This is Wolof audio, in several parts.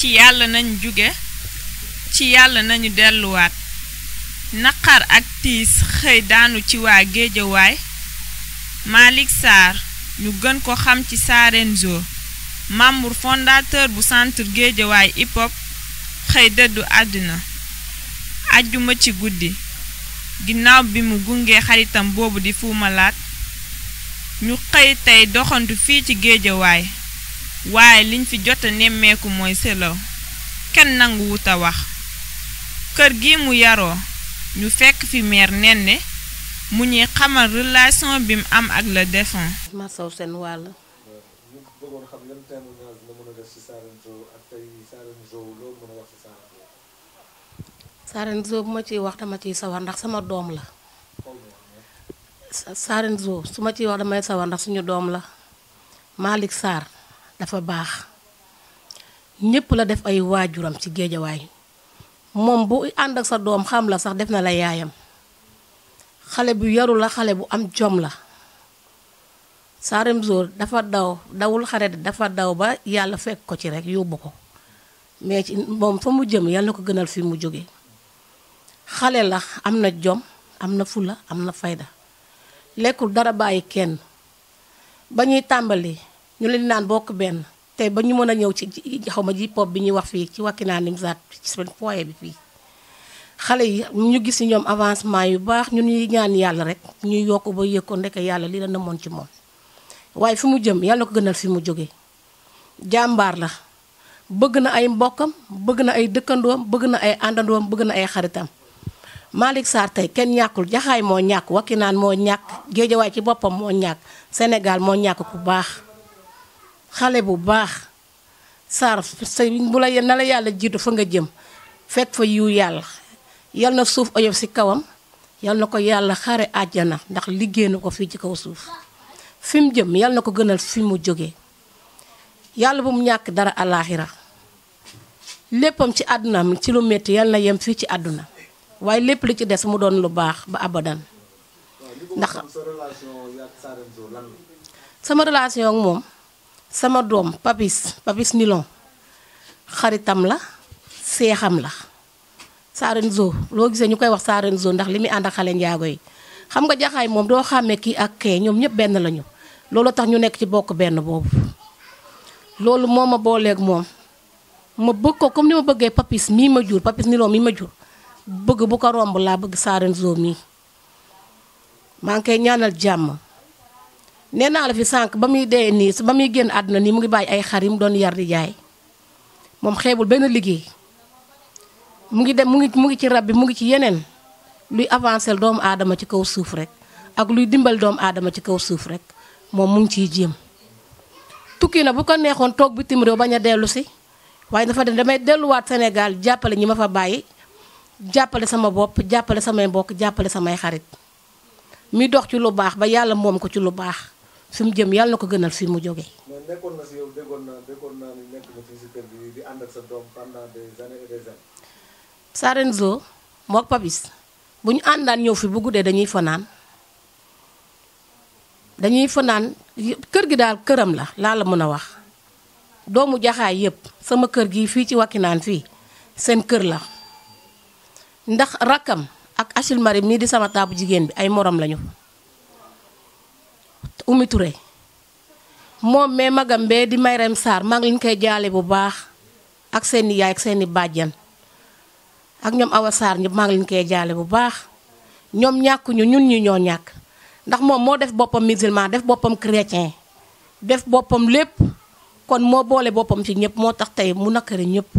ci yàlla nañ jóge ci yàlla nañu delluwaat naqar ak tiis xëy daanu ci waa géejawaay Malick Sarr ñu gën ko xam ci Sarenzo membre fondateur bu centre géejawaay hip hop xëy dëddu àdduna ajjuma ci guddi ginnaaw bi mu gungee xaritam boobu di fuumalaat ñu xëy tey doxantu fii ci géejawaay waaye liñ fi jot a nemmeeku mooy selaw kenn nanguwut a wax kër gi mu yaroo ñu fekk fi meer nenne mu ñuy xamal relation bi mu am ak la défunt. ma sow seen wàll. ñu bëggoon xam yan wax ci bu ma ciy wax dama ciy sawar ndax sama doom la. Sarene Sow su ma ciy wax damay sawar ndax suñu doom la Malick Sarr. dafa baax ñépp la def ay waajuram ci géejawaay moom bu ànd sa doom xam la sax def na la yaayam xale bu yaru la xale bu am jom la Saarem Zoor dafa daw dawul xare dafa daw ba yàlla fekk ko ci rek yóbbu ko mais ci moom fa mu jëm yàlla na ko gënal fi mu jóge xale la am na jom am na fula am na fayda lekkul dara bàyyi kenn ba ñuy tàmbali ñu leen naan bokk benn tey ba ñu mën a ñëw ci xaw ma ji pop bi ñuy wax fii ci Wakhinane Nimzatt ci seen foyer bi fii xale yi ñu gis si ñoom avancement yu baax ñun ñaan yàlla rek ñuy yokk ba yëg ko ndeke yàlla li la namoon ci moom waaye fi mu jëm yàlla ko gënal fi mu jóge jàmbaar la bëgg na ay mbokkam bëgg na ay dëkkandoom bëgg na ay àndandoom bëgg na ay xaritam maalik Sarr tey kenn ñàkkul jaxaay moo ñàkk naan moo ñàkk Géejawaay ci boppam moo ñàkk Sénégal moo ñàkk ku baax xale bu baax Sarr sa bu la na la yàlla jiitu fa nga jëm fekk fa yiw yàlla yal na suuf oyof ci kawam yal na ko yàlla xare àjjana ndax liggéey na ko fii ci kaw suuf fi mu jëm yal na ko gënal fi mu jógee yàlla bu mu ñàkk dara alaaxira léppam ci àddunaam ci lu métti yal na yem fii ci àdduna waaye lépp li ci des mu doon lu baax ba abadan ndax sama relation moom sama doom papis papis nilon xaritam la seexam la Sarenzo loo gisee ñu koy wax Sarenzo ndax li muy ànd xale njaago yi xam nga jaxaay moom doo xàmmee kii ak kee ñoom ñëpp benn lañu loolu tax ñu nekk ci bokk benn boobu loolu moo ma booleeg moom ma bëgg ko comme ni ma bëggee papis mii ma jur papis nilon mii ma jur bëgg bu ko romb laa bëgg Sarenzo mii maa ngi koy ñaanal jàmm nee naa la fi sànq ba muy dee nii ba muy génn àdduna nii mu ngi bàyyi ay xar mu doon yar di jaay moom xeebul benn liggéey mu ngi dem mu ngi mu ngi ci rab bi mu ngi ci yeneen luy avancer doomu aadama ci kaw suuf rek ak luy dimbal doomu aadama ci kaw suuf rek moom mu ngi ciy jéem. tukki na bu ko neexoon toog bitim réew bañ a dellu si waaye dafa dem damay delluwaat Sénégal jàppale ñi ma fa bàyyi jàppale sama bopp jàppale samay bokk jàppale samay xarit mi ci lu baax ba yàlla moom ko ci lu baax. fi mu jëm yàlla na ko gënal fi mu jógee. mais nekkoon ànd ak bu ñu àndaan ñëw fi bu guddee dañuy fanaan dañuy fanaan kër gi daal këram la laa la mën a wax doomu jaxaay yëpp sama kër gi fii ci Wakinaan fii seen kër la ndax rakkam ak asilmari Marim di sama taabu jigéen bi ay morom lañu. Oumy Touré moom mais magam bee di Mayrem Sarr maa ngi leen koy jaale bu baax ak seen i yaay ak seen i bàjjan ak ñoom Awa Sarr ñëpp maa ngi leen koy jaale bu baax ñoom ñàkkuñu ñun ñu ñoo ñàkk ndax moom moo def boppam musulman def boppam chrétien def boppam lépp kon moo boole boppam ci ñëpp moo tax tey mu nakari ñëpp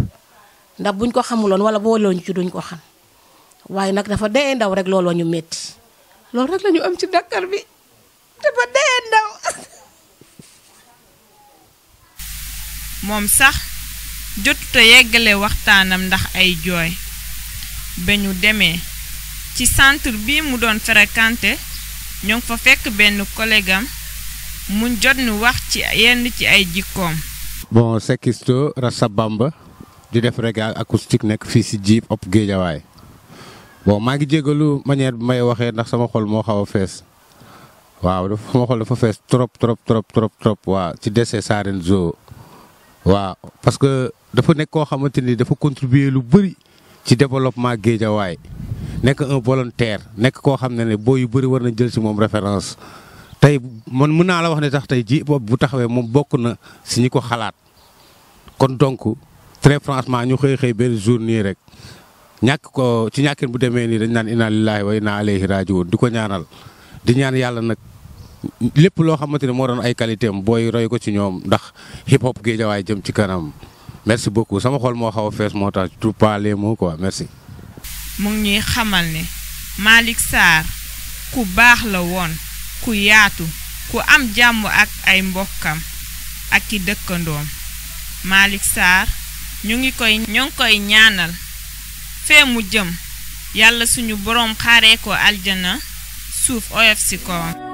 ndax buñ ko xamuloon wala boolewuñ ci duñ ko xam waaye nag dafa dee ndaw rek looloo ñu metti loolu rek lañu am ci Dakar bi. dafa dee ndaw moom sax jotuta yeggale waxtaanam ndax ay jooy ba ñu demee ci centre bi mu doon fréquenté ñoo ngi fa fekk benn collègue am mu jot nu wax ci yenn ci ay jikkoom bon Sekisto Rasta Bamba di def reggae acoustique nekk fii si Djib op Géejawaay bon maa ngi jégalu manière bi may waxee ndax sama xol moo xaw a fees waaw dafa sama fees trop trop trop trop trop waaw ci décès Sarene Zo waaw parce que dafa nekk koo xamante ni dafa contribuer lu bëri ci développement Guédiawaye nekk un volontaire nekk koo xam ne ne boo yu bëri war nañ jël si moom référence tey man mën naa la wax ne tax tey ji bopp bu taxawee moom bokk na si ñi ko xalaat kon donc très franchement ñu xëy xëy benn jour nii rek ñàkk ko ci ñàkkin bu demee nii dañ naan inna lillahi wa inna alayhi rajiun di ko ñaanal di ñaan yàlla nag lépp loo xamante ne moo doon ay qualité am booy roy ko ci ñoom ndax hip hop Guédiawaye jëm ci kanam merci beaucoup sama xol moo xaw fees moo tax tout moo ko mots quoi merci. mu ngi xamal ne Malick Sarr ku baax la woon ku yaatu ku am jàmm ak ay mbokkam ak i dëkkandoom Malick Sarr ñu ngi koy ñoo ngi koy ñaanal fee mu jëm yàlla suñu borom xare ko aljana suuf oyof si